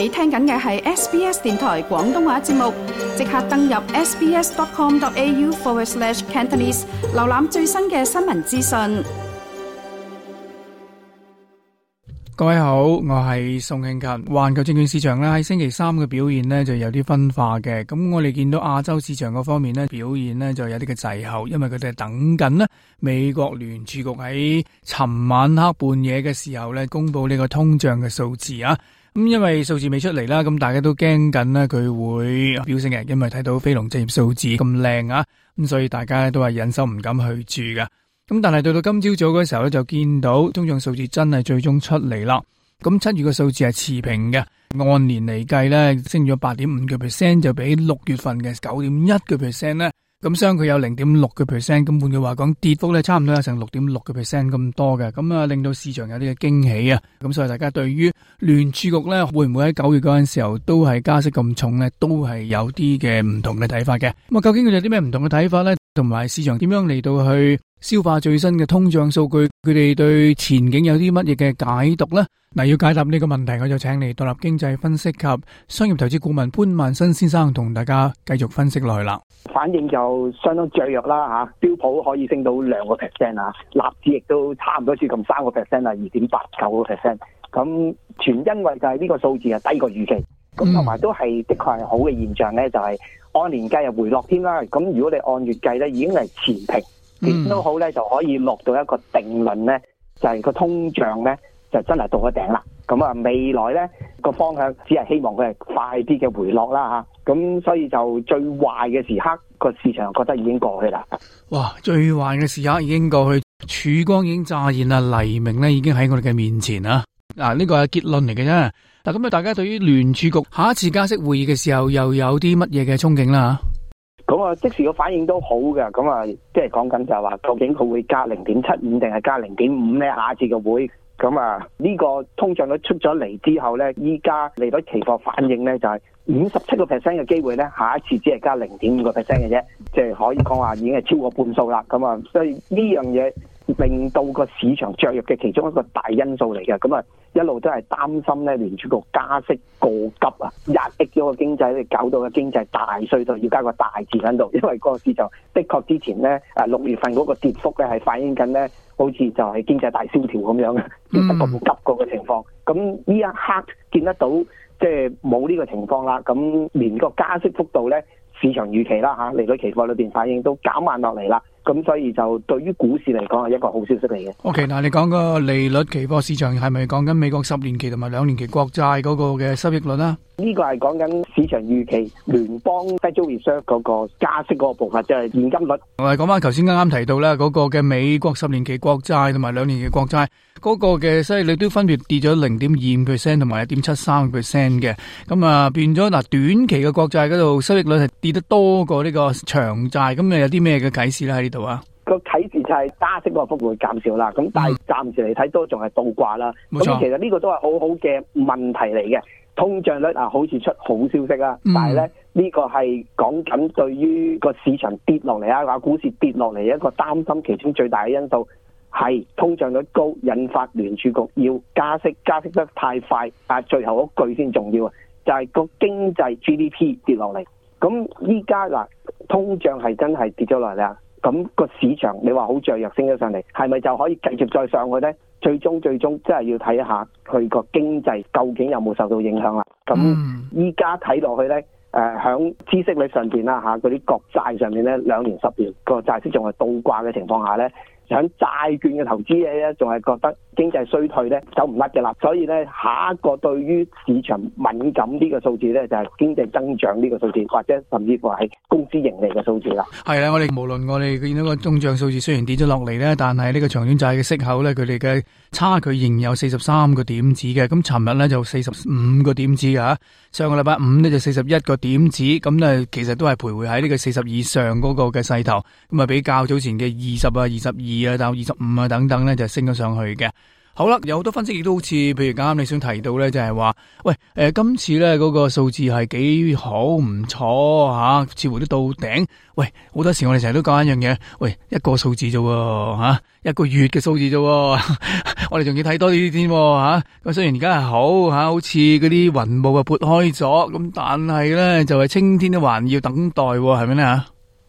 你聽緊嘅係 SBS 電台廣東話節目，即刻登入 sbs.com.au forward slash cantonese，瀏覽最新嘅新聞資訊。各位好，我係宋慶勤。環球證券市場咧喺星期三嘅表現咧就有啲分化嘅，咁我哋見到亞洲市場嗰方面咧表現咧就有啲嘅滯後，因為佢哋係等緊咧美國聯儲局喺尋晚黑半夜嘅時候咧公佈呢個通脹嘅數字啊。咁因為數字未出嚟啦，咁大家都驚緊啦，佢會飆升嘅，因為睇到非農就業數字咁靚啊，咁所以大家都係忍手唔敢去住㗎。咁但係到到今朝早嗰時候咧，就見到通脹數字真係最終出嚟啦。咁七月嘅數字係持平嘅，按年嚟計咧升咗八點五個 percent，就比六月份嘅九點一個 percent 咧。呢咁相佢有零點六個 percent，咁換句話講，跌幅咧差唔多有成六點六個 percent 咁多嘅，咁啊令到市場有啲嘅驚喜啊，咁所以大家對於聯儲局咧會唔會喺九月嗰陣時候都係加息咁重咧，都係有啲嘅唔同嘅睇法嘅。咁啊，究竟佢有啲咩唔同嘅睇法咧？同埋市場點樣嚟到去？消化最新嘅通脹數據，佢哋對前景有啲乜嘢嘅解讀咧？嗱，要解答呢個問題，我就請嚟獨立經濟分析及商業投資顧問潘萬新先生同大家繼續分析落去啦。反應就相當雀躍啦，吓標普可以升到兩個 percent 啊，納指亦都差唔多接近三個 percent 啦，二點八九個 percent。咁全因為就係呢個數字係低過預期，咁同埋都係的確係好嘅現象咧，就係按年計又回落添啦。咁如果你按月計咧，已經係持平。都、嗯、好咧，就可以落到一個定論咧，就係、是、個通脹咧就真係到咗頂啦。咁啊，未來咧個方向只係希望佢係快啲嘅回落啦嚇。咁所以就最壞嘅時刻個市場覺得已經過去啦。哇！最壞嘅時刻已經過去，曙光已經乍現啦，黎明咧已經喺我哋嘅面前啦。嗱，呢個係結論嚟嘅啫。嗱，咁啊，這個、大家對於聯儲局下一次加息會議嘅時候又有啲乜嘢嘅憧憬啦？即時個反應都好嘅，咁啊，即係講緊就係話，究竟佢會加零點七五定係加零點五咧？下一次嘅會，咁啊，呢個通脹率出咗嚟之後咧，依家嚟到期貨反應咧，就係五十七個 percent 嘅機會咧，下一次只係加零點五個 percent 嘅啫，即係可以講話已經係超過半數啦。咁啊，所以呢樣嘢。令到個市場着弱嘅其中一個大因素嚟嘅。咁啊一路都係擔心咧，聯儲局加息過急啊，壓抑咗個經濟咧，搞到個經濟大衰退，要加個大字喺度，因為嗰個市就的確之前咧，誒六月份嗰個跌幅咧，係反映緊咧，好似就係經濟大蕭條咁樣嘅，跌、嗯、得過急個嘅情況。咁呢一刻見得到，即係冇呢個情況啦。咁連個加息幅度咧，市場預期啦嚇，嚟到期貨裏邊反應都減慢落嚟啦。咁所以就對於股市嚟講係一個好消息嚟嘅。OK，嗱你講個利率期貨市場係咪講緊美國十年期同埋兩年期國債嗰個嘅收益率咧？呢個係講緊市場預期聯邦 Federal Reserve 嗰個加息嗰個步伐，即係現金率。我哋講翻頭先啱啱提到啦，嗰個嘅美國十年期國債同埋兩年期國債嗰個嘅收益率都分別跌咗零點二五 percent 同埋一點七三個 percent 嘅。咁啊變咗嗱短期嘅國債嗰度收益率係跌得多過呢個長債。咁啊有啲咩嘅解釋咧喺呢度啊？個啟示就係加息個幅會減少啦。咁但係暫時嚟睇都仲係倒掛啦。冇錯。其實呢個都係好好嘅問題嚟嘅。通脹率啊，好似出好消息啊，但係咧呢個係講緊對於個市場跌落嚟啊，話股市跌落嚟一個擔心其中最大嘅因素係通脹率高，引發聯儲局要加息，加息得太快。但係最後嗰句先重要啊，就係個經濟 GDP 跌落嚟。咁依家嗱，通脹係真係跌咗落嚟啊。咁個市場，你話好雀躍，升咗上嚟，係咪就可以繼續再上去呢？最終最終，真係要睇一下佢個經濟究竟有冇受到影響啦。咁依家睇落去呢，誒、呃、響知識率上面啦嚇，嗰、啊、啲國債上面呢，兩年十條個債息仲係倒掛嘅情況下呢，喺債券嘅投資呢，仲係覺得經濟衰退呢，走唔甩嘅啦。所以呢，下一個對於市場敏感呢個數字呢，就係、是、經濟增長呢個數字，或者甚至乎係。公司盈利嘅數字啦，係啦，我哋無論我哋見到個通脹數字，雖然跌咗落嚟咧，但係呢個長短債嘅息口咧，佢哋嘅差距仍有四十三個點子嘅。咁尋日咧就四十五個點子吓，上個禮拜五呢，就四十一個點子，咁誒，其實都係徘徊喺呢個四十以上嗰個嘅勢頭。咁啊，比較早前嘅二十啊、二十二啊到二十五啊等等咧，就升咗上去嘅。好啦，有好多分析亦都好似，譬如啱啱你想提到咧，就係、是、話，喂，誒、呃，今次咧嗰、那個數字係幾好唔錯吓、啊，似乎都到頂。喂，好多時我哋成日都講一樣嘢，喂，一個數字啫喎，吓、啊，一個月嘅數字啫喎、啊，我哋仲要睇多啲啲添吓。咁、啊、雖然而家係好吓、啊，好似嗰啲雲霧啊撥開咗，咁但係咧就係、是、青天都還要等待，係咪咧吓？呢、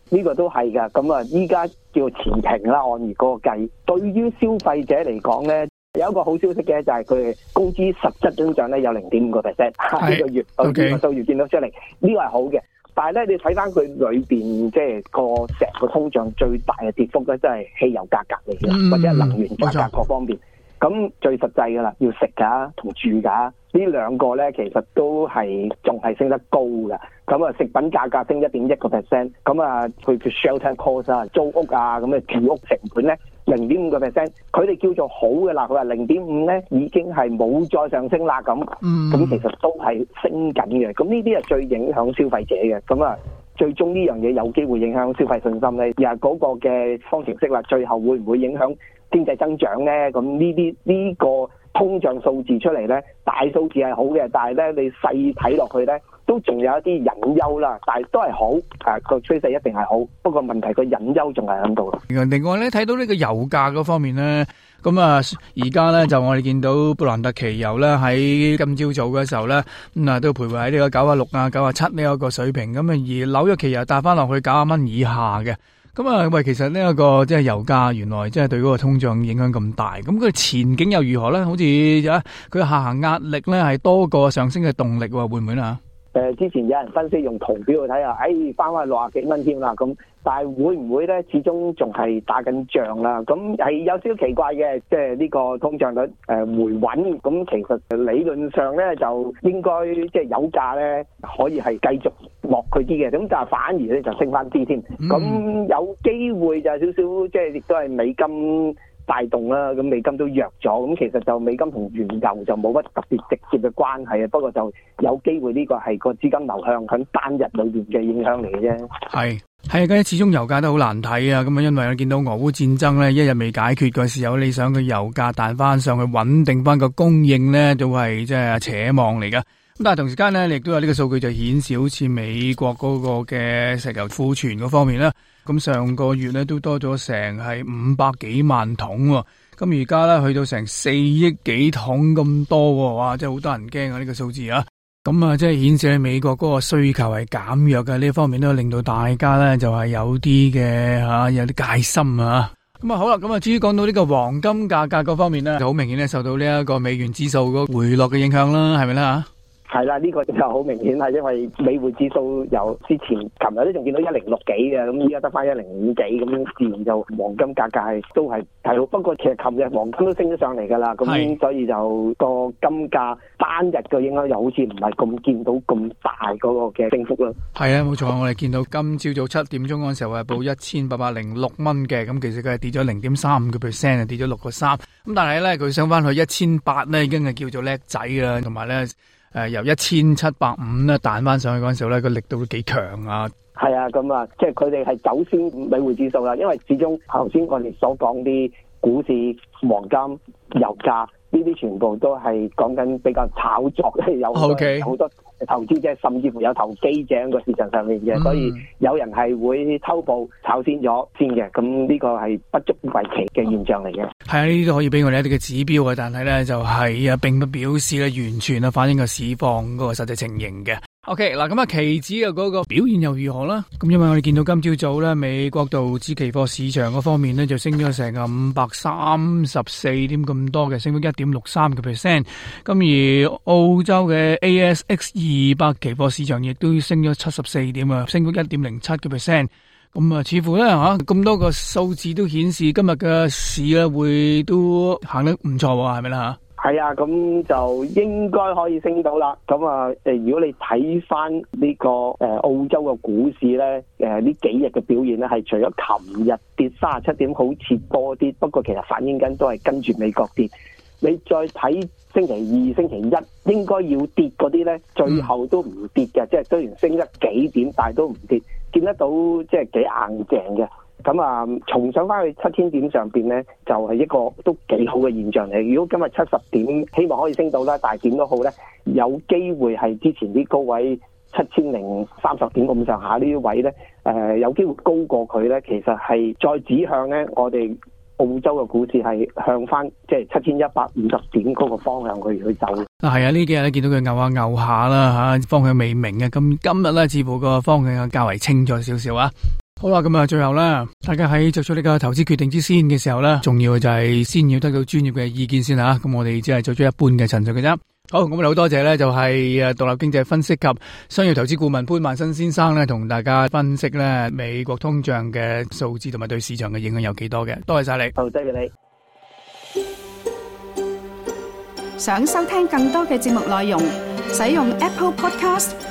這個都係噶，咁啊，依家叫持平啦，按月嗰個計，對於消費者嚟講咧。有一個好消息嘅就係、是、佢工資實質增長咧有零點五個 percent 呢個月到呢個數據見到出嚟呢、這個係好嘅，但係咧你睇翻佢裏邊即係個成個通脹最大嘅跌幅咧，真係汽油價格嚟嘅、嗯，或者能源價格各方面。咁最實際噶啦，要食噶同住噶呢兩個咧，其實都係仲係升得高噶，咁啊食品價格升一點一個 percent，咁啊佢叫 shelter cost 啊，租屋啊咁啊，住屋成本咧，零點五個 percent，佢哋叫做好嘅啦，佢話零點五咧已經係冇再上升啦咁，咁、嗯、咁其實都係升緊嘅，咁呢啲係最影響消費者嘅，咁啊最終呢樣嘢有機會影響消費信心咧，又係嗰個嘅方程式啦，最後會唔會影響經濟增長咧？咁呢啲呢個通脹數字出嚟咧，大數字係好嘅，但係咧你細睇落去咧。都仲有一啲隱憂啦，但係都係好誒，個趨勢一定係好。不過問題個隱憂仲係喺度。另外咧，睇到呢個油價嗰方面咧，咁啊而家咧就我哋見到布蘭特期油咧喺今朝早嘅時候咧咁啊，都徘徊喺呢個九啊六啊九啊七呢一個水平咁啊，而紐約期油帶翻落去九啊蚊以下嘅咁啊。喂，其實呢一個即係油價原來真係對嗰個通脹影響咁大，咁佢前景又如何咧？好似啊，佢下行壓力咧係多過上升嘅動力喎，會唔會啊？誒、呃，之前有人分析用圖表去睇下，哎，翻翻去六十幾蚊添啦，咁但係會唔會咧？始終仲係打緊仗啦，咁係有少少奇怪嘅，即係呢個通脹率誒、呃、回穩，咁其實理論上咧就應該即係油價咧可以係繼續落佢啲嘅，咁但係反而咧就升翻啲添，咁有機會就少少，即係亦都係美金，帶動啦，咁美金都弱咗，咁其實就美金同原油就冇乜特別直接嘅關係啊。不過就有機會呢個係個資金流向喺單日裏邊嘅影響嚟嘅啫。係係啊，咁始終油價都好難睇啊。咁啊，因為你見到俄烏戰爭咧，一日未解決嘅時候，有你想佢油價彈翻上去，穩定翻個供應咧，都係即係奢望嚟噶。但係同時間咧，亦都有呢個數據就顯示，好似美國嗰個嘅石油庫存嗰方面啦。咁上個月咧都多咗成係五百幾萬桶，哦，咁而家咧去到成四億幾桶咁多，哦，哇！真係好多人驚啊呢個數字啊！咁啊，即係顯示喺美國嗰個需求係減弱嘅呢方面，都令到大家咧就係、是、有啲嘅吓，有啲戒心啊！咁啊，好啦，咁啊，至於講到呢個黃金價格嗰方面咧，就好明顯咧受到呢一個美元指數嗰回落嘅影響啦，係咪啦吓？係啦，呢個就好明顯係因為美匯指數由之前琴日都仲見到一零六幾嘅，咁依家得翻一零五幾咁樣，自然就黃金價格係都係睇好。不過其實琴日黃金都升咗上嚟㗎啦，咁所以就個金價單日嘅應該又好似唔係咁見到咁大嗰個嘅升幅咯。係啊，冇錯，我哋見到今朝早七點鐘嗰陣時候係報一千八百零六蚊嘅，咁其實佢係跌咗零點三五個 percent，係跌咗六個三。咁但係咧，佢上翻去一千八咧已經係叫做叻仔啦，同埋咧。誒、呃，由一千七百五咧彈翻上去嗰陣時候咧，個力度都幾強啊！係啊，咁啊，即係佢哋係走先美匯指數啦，因為始終頭先我哋所講啲股市、黃金、油價。呢啲全部都係講緊比較炒作，有好多，okay. 好多投資者，甚至乎有投機者喺個市場上面嘅、嗯，所以有人係會偷步炒先咗先嘅，咁、這、呢個係不足為奇嘅現象嚟嘅。係啊，呢啲都可以俾我哋一啲嘅指標啊，但係咧就係啊，並不表示咧完全啊反映個市況嗰個實際情形嘅。O K，嗱咁啊，期指嘅嗰個表現又如何啦？咁因為我哋見到今朝早咧，美國道指期貨市場嗰方面咧就升咗成個五百三十四點咁多嘅，升幅一點六三個 percent。咁而澳洲嘅 A S X 二百期貨市場亦都升咗七十四點啊，升幅一點零七個 percent。咁啊，似乎咧吓咁多個數字都顯示今日嘅市啊會都行得唔錯，係咪啦吓？係啊，咁就應該可以升到啦。咁啊，誒，如果你睇翻呢個誒、呃、澳洲嘅股市咧，誒、呃、呢幾日嘅表現咧，係除咗琴日跌三十七點好似多啲，不過其實反映緊都係跟住美國跌。你再睇星期二、星期一應該要跌嗰啲咧，最後都唔跌嘅、嗯，即係雖然升咗幾點，但係都唔跌，見得到即係幾硬淨嘅。咁、嗯、啊，重上翻去七千點上面咧，就係、是、一個都幾好嘅現象嚟。如果今日七十點，希望可以升到啦，但係點都好咧，有機會係之前啲高位七千零三十點咁上下呢啲位咧、呃，有機會高過佢咧，其實係再指向咧，我哋澳洲嘅股市係向翻即係七千一百五十點嗰個方向去去走。係啊，幾呢幾日咧見到佢拗、啊、下拗下啦方向未明嘅、啊，咁今日咧似乎個方向較為清咗少少啊。好啦，咁啊，最後啦，大家喺作出呢個投資決定之先嘅時候咧，重要嘅就係先要得到專業嘅意見先啦、啊。咁我哋只係做咗一般嘅陳述嘅啫。好，咁好多謝呢，就係誒獨立經濟分析及商業投資顧問潘萬新先生呢，同大家分析呢美國通脹嘅數字同埋對市場嘅影響有幾多嘅。多謝晒你。好，多謝你。想收聽更多嘅節目內容，使用 Apple Podcast。